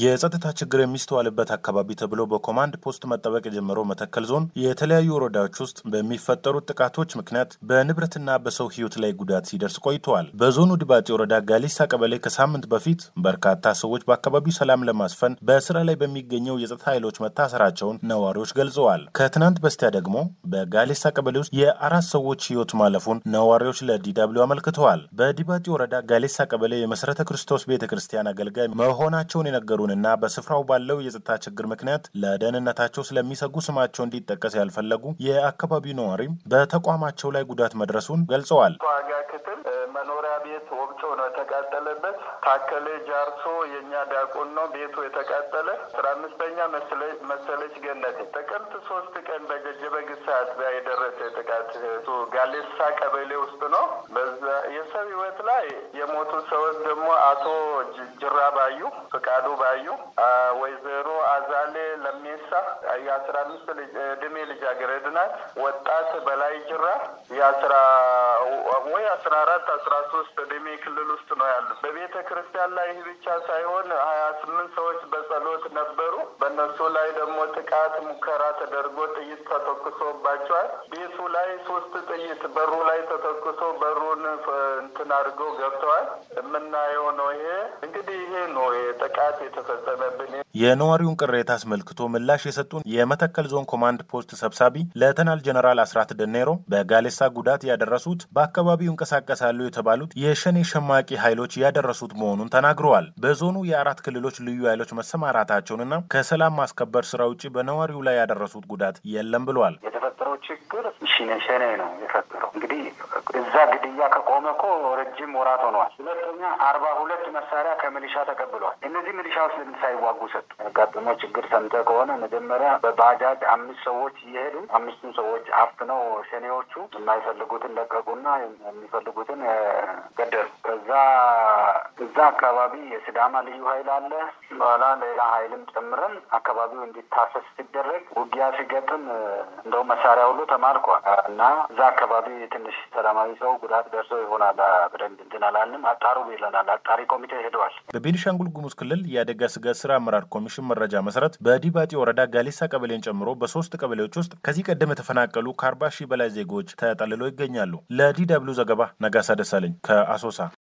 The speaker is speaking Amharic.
የጸጥታ ችግር የሚስተዋልበት አካባቢ ተብሎ በኮማንድ ፖስት መጠበቅ የጀመረው መተከል ዞን የተለያዩ ወረዳዎች ውስጥ በሚፈጠሩት ጥቃቶች ምክንያት በንብረትና በሰው ሕይወት ላይ ጉዳት ሲደርስ ቆይተዋል። በዞኑ ድባጢ ወረዳ ጋሊሳ ቀበሌ ከሳምንት በፊት በርካታ ሰዎች በአካባቢው ሰላም ለማስፈን በስራ ላይ በሚገኘው የጸጥታ ኃይሎች መታሰራቸውን ነዋሪዎች ገልጸዋል። ከትናንት በስቲያ ደግሞ በጋሊሳ ቀበሌ ውስጥ የአራት ሰዎች ሕይወት ማለፉን ነዋሪዎች ለዲደብሊው አመልክተዋል። በድባጤ ወረዳ ጋሊሳ ቀበሌ የመሰረተ ክርስቶስ ቤተ ክርስቲያን አገልጋይ መሆናቸውን የነገሩ መናገሩንና በስፍራው ባለው የጸጥታ ችግር ምክንያት ለደህንነታቸው ስለሚሰጉ ስማቸው እንዲጠቀስ ያልፈለጉ የአካባቢው ነዋሪም በተቋማቸው ላይ ጉዳት መድረሱን ገልጸዋል። መኖሪያ ቤት ወብጮ ነው የተቃጠለበት። ታከሌ ጃርሶ የእኛ ዲያቆን ነው ቤቱ የተቃጠለ። አስራ አምስተኛ መሰለች ገነት ጥቅምት ሶስት ቀን በጀበግ ሰዓት ላይ የደረሰ ጥቃት ጋሌሳ ቀበሌ ውስጥ ነው። በዛ የሰው ህይወት ላይ የሞቱ ሰዎች ደግሞ አቶ ጅራ ባዩ፣ ፍቃዱ ባዩ፣ ወይዘ ሜርሳ የአስራ አምስት እድሜ ልጃገረድ ናት። ወጣት በላይ ጅራ የአስራ ወይ አስራ አራት አስራ ሶስት እድሜ ክልል ውስጥ ነው ያሉ። በቤተ ክርስቲያን ላይ ይህ ብቻ ሳይሆን ሀያ ስምንት ሰዎች በጸሎት ነበሩ። በእነሱ ላይ ደግሞ ጥቃት ሙከራ ተደርጎ ጥይት ተተኩሶባቸዋል። ቤቱ ላይ ሶስት ጥይት በሩ ላይ ተተኩሶ በሩን እንትን አድርገው ገብተዋል። የምናየው ነው ይሄ እንግዲህ ይሄ ነው ጥቃት የተፈጸመብን። የነዋሪውን ቅሬታ አስመልክቶ ምላሽ ምላሽ የሰጡን የመተከል ዞን ኮማንድ ፖስት ሰብሳቢ ለተናል ጀነራል አስራት ደኔሮ በጋሌሳ ጉዳት ያደረሱት በአካባቢው ይንቀሳቀሳሉ የተባሉት የሸኔ ሸማቂ ኃይሎች ያደረሱት መሆኑን ተናግረዋል። በዞኑ የአራት ክልሎች ልዩ ኃይሎች መሰማራታቸውንና ከሰላም ማስከበር ስራ ውጭ በነዋሪው ላይ ያደረሱት ጉዳት የለም ብለዋል። ችግር ሸኔ ነው የፈጠረው። እንግዲህ እዛ ግድያ ከቆመ እኮ ረጅም ወራት ሆነዋል። ሁለተኛ አርባ ሁለት መሳሪያ ከሚሊሻ ተቀብሏል። እነዚህ ሚሊሻዎች ለምን ሳይዋጉ ሰጡ? ያጋጠመው ችግር ሰምተ ከሆነ መጀመሪያ በባጃጅ አምስት ሰዎች እየሄዱ አምስቱን ሰዎች አፍነው ሸኔዎቹ የማይፈልጉትን ለቀቁና የሚፈልጉትን ገደሉ። ከዛ እዛ አካባቢ የስዳማ ልዩ ኃይል አለ። በኋላ ሌላ ኃይልም ጨምረን አካባቢው እንዲታሰስ ሲደረግ ውጊያ ሲገጥም እንደው መሳሪያ ሁሉ ተማርኳል እና እዛ አካባቢ ትንሽ ሰላማዊ ሰው ጉዳት ደርሶ ይሆናል በደንብ እንትን አላልንም። አጣሩ ይለናል። አጣሪ ኮሚቴ ሄደዋል። በቤኒሻንጉል ጉሙዝ ክልል የአደጋ ስጋት ስራ አመራር ኮሚሽን መረጃ መሰረት በዲባጢ ወረዳ ጋሌሳ ቀበሌን ጨምሮ በሶስት ቀበሌዎች ውስጥ ከዚህ ቀደም የተፈናቀሉ ከአርባ ሺህ በላይ ዜጎች ተጠልለው ይገኛሉ። ለዲ ዘገባ ነጋሳ ደሳለኝ ከአሶሳ